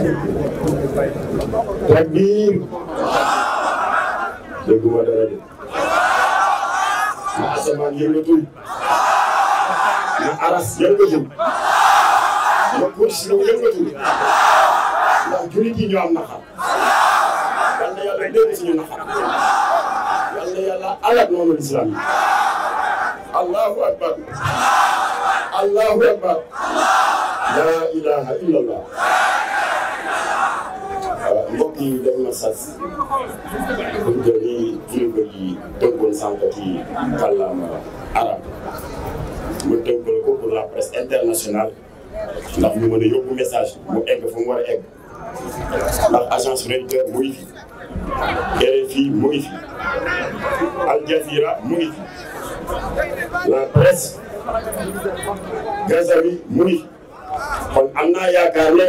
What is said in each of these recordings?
takbir dégguma dara de na asamaan yëngatul na aras yëngatul na kursi yëngatul ndax jullit yi ñoo am naxar yal na yàlla dégg suñu naxar yal na yàlla alal noonu lislaam yi allahu akbar allahu akbar la ilaha illallah kii def na sas buñ jëlee kilifa yi tënkoon sànq ci kàllaama arab mu tënkal ko pour la presse international ndax ñu mën a yóbbu message mu egg fu mu war a egg ndax agence Reuters mu ngi fi RFI mu ngi fi Al mu ngi fi la presse Gazaoui mu ngi kon am naa yaakaar ne.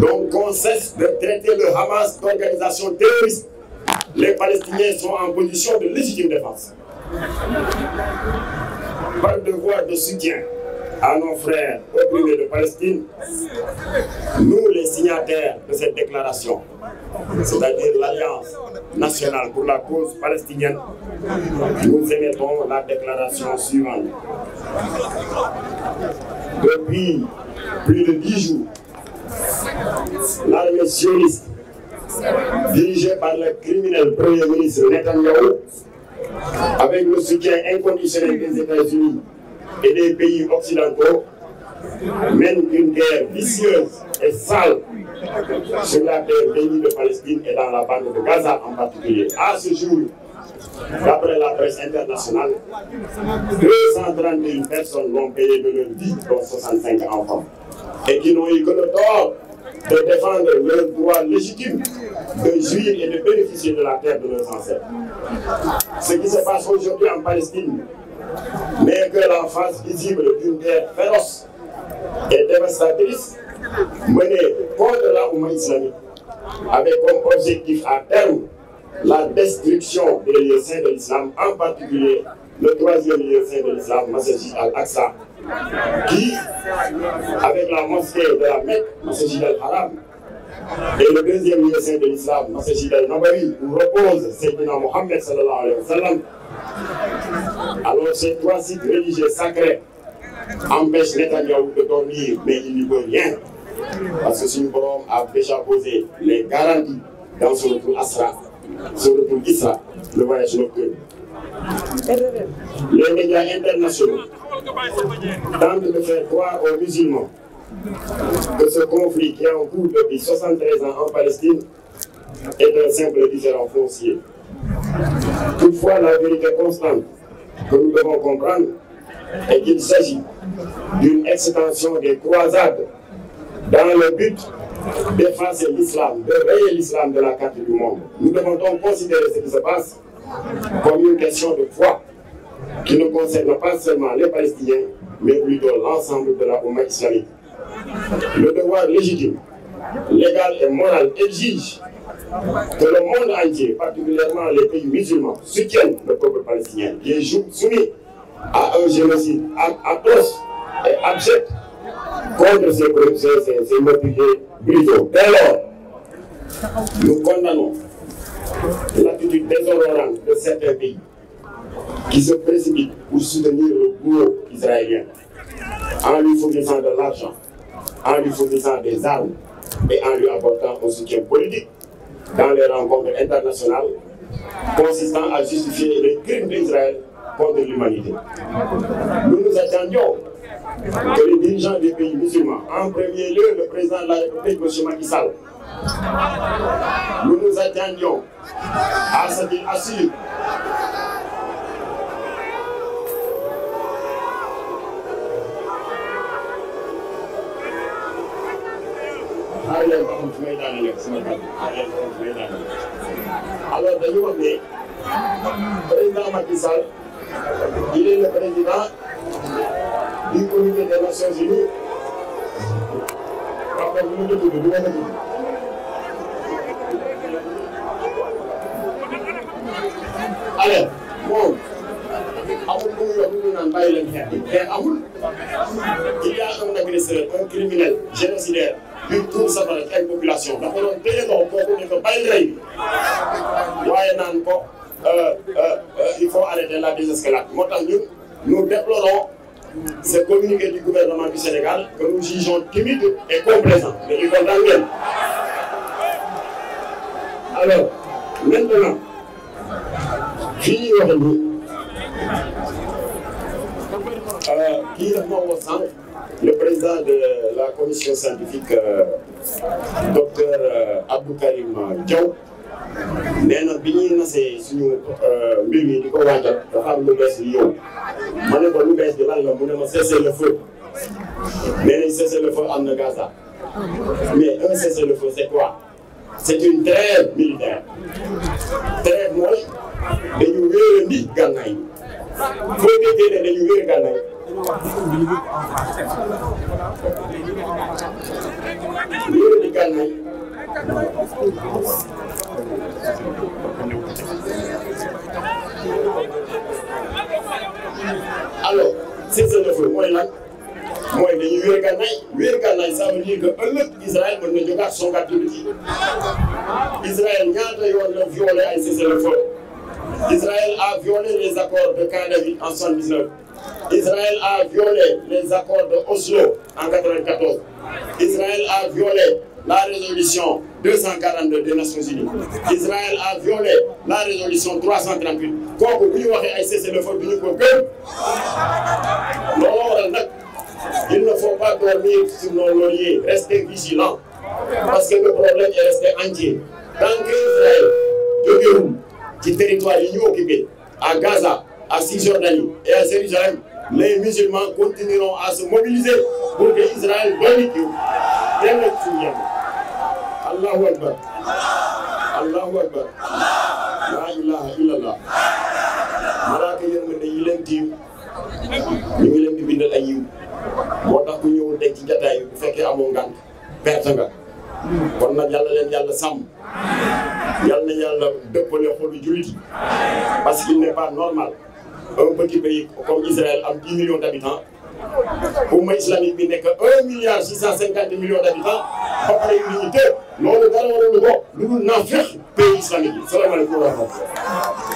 Donc qu'on cesse de traiter le Hamas d'organisation terroriste. Les Palestiniens sont en position de légitime défense. Par devoir de soutien à nos frères opprimés de Palestine, nous les signataires de cette déclaration, c'est-à-dire l'Alliance nationale pour la cause palestinienne, nous émettons la déclaration suivante. Depuis plus de jours, l'armée sioniste dirigée par le criminel premier ministre Netanyahou, avec le soutien inconditionnel des États-Unis et des pays occidentaux, mène une guerre vicieuse et sale sur la terre de Palestine et dans la bande de Gaza en particulier. À ce jour, d'après la presse internationale, personnes l'ont payé de leur vie, enfants, et qui n'ont eu que le tort de défendre leur droit légitime de jouir et de bénéficier de la terre de leurs ancêtres. Ce qui se passe aujourd'hui en Palestine n'est que la face visible d'une guerre féroce et dévastatrice menée contre la Oumma islamique avec comme objectif à terme la destruction des lieux saints de l'islam, en particulier le troisième lieu saint de l'islam, Masjid al-Aqsa. kii avec la mosquée de la Mecque, Masjid al-Haram, et le deuxième lieu de l'islam, Masjid al-Nabawi, où repose Sayyidina Mohammed sallallahu alayhi wa sallam, alors ces trois sites religieux sacrés de dormir, mais il rien. Parce que Suñu Boroom a déjà les garanties dans son retour Asra, son retour Isra, le voyage nocturne. Les médias internationaux de faire croire aux musulmans que ce conflit qui est en cours depuis 73 ans en Palestine est un simple différend foncier. Toutefois, la constante que nous devons comprendre est qu'il s'agit d'une extension des croisades dans le but d'effacer l'islam, de rayer l'islam de la carte du monde. Nous devons donc considérer ce qui se passe comme une question de foi qui ne concerne pas seulement les Palestiniens, mais plutôt l'ensemble de la Oumma islamique. Le devoir légitime, légal et moral exige que le monde entier, particulièrement les pays musulmans, soutiennent le peuple palestinien qui est soumis à un génocide atroce et abject contre ces, ces, ces, ces brutaux. Dès lors, nous condamnons l'attitude déshonorante de certains pays qui se précipitent pour soutenir le bourreau israélien en lui fournissant de l'argent, en lui fournissant des armes et en lui apportant un soutien politique dans les rencontres internationales consistant à justifier les crimes d'Israël contre l'humanité. Nous nous attendions que les dirigeants des pays musulmans, en premier lieu le président de la République, Nous nous attendions à ce qu'il assure alors dañu wax ne président Macky Sall il est le président du comité des Nations Unies alors moom amul lu mu wax naan bàyyi leen xeex amul il y a un agresseur un criminel génocidaire buñ tuur safara ci ay population dafa doon téye ndox kooku ne ko bàyyi rey bi waaye naan ko euh, euh, euh, il faut arrêter la moo tax ñun nous déplorons ce communiqué du gouvernement du Sénégal que nous jugeons timide et complaisant mais ñu kontaan alors maintenant fii ñuy wax nii kii dafa le président de la commission scientifique euh, docteur euh, Abdou Karim Diaw nee na bi ñuy nasee suñu euh, mbir mi di ko waajal dafa am bees lu ñëw ma ne ko lu bees bi lan mu ne ma cessez-le-feu nee nañ cessez-le-feu am na Gaza mais un cessez-le-feu c'est quoi c'est une trêve militaire trêve mooy dañu wéerandi gànnaay foo déggee ne dañu wéer gànnaay wéerandi gànnaay alors cessez-le-feu mooy lan mooy dañuy wéer gànnaay wéer gànnaay ça veut dire que ëllëg Israël mën na jógaat songaat jullit yi Israël la violé ay cessez-le-feu a violé les accords de Camp David en 79 Israël a violé les accords de Oslo en 94 a violé la résolution 242 Nations Unies Israël a violé la résolution kooku bu ñu waxee ay cessez-le-feu ñu ko gëm looloo waral nag. Il ne faut pas dormir sur nos lauriers, restez vigilants. Parce que le problème est resté entier. Tant que territoire yi ñu occupé à Gaza, à Cisjordanie et à Jérusalem, les musulmans continueront à se mobiliser pour que Israël dooli jiw delloo ci suñu yàlla. Allahu akbar. Allahu akbar. La ilaha illallah. Malaaka yërmande yi leen tiim ñu ngi leen di bindal ay yiw. moo tax ku ñëwul tey jataay bi bu fekkee amoo ngànt perte nga kon nag yàlla leen yàlla sàmm yàlla na yàlla dëppale xolu jullit yi parce qu'il n'est pas normal un petit comme Israël am 10 millions d'habitants umma islamique bi nekk un milliard six cent cinquante millions d'habitants ba pare unité loolu dara waralu ko lu dul naa fex pays islamique bi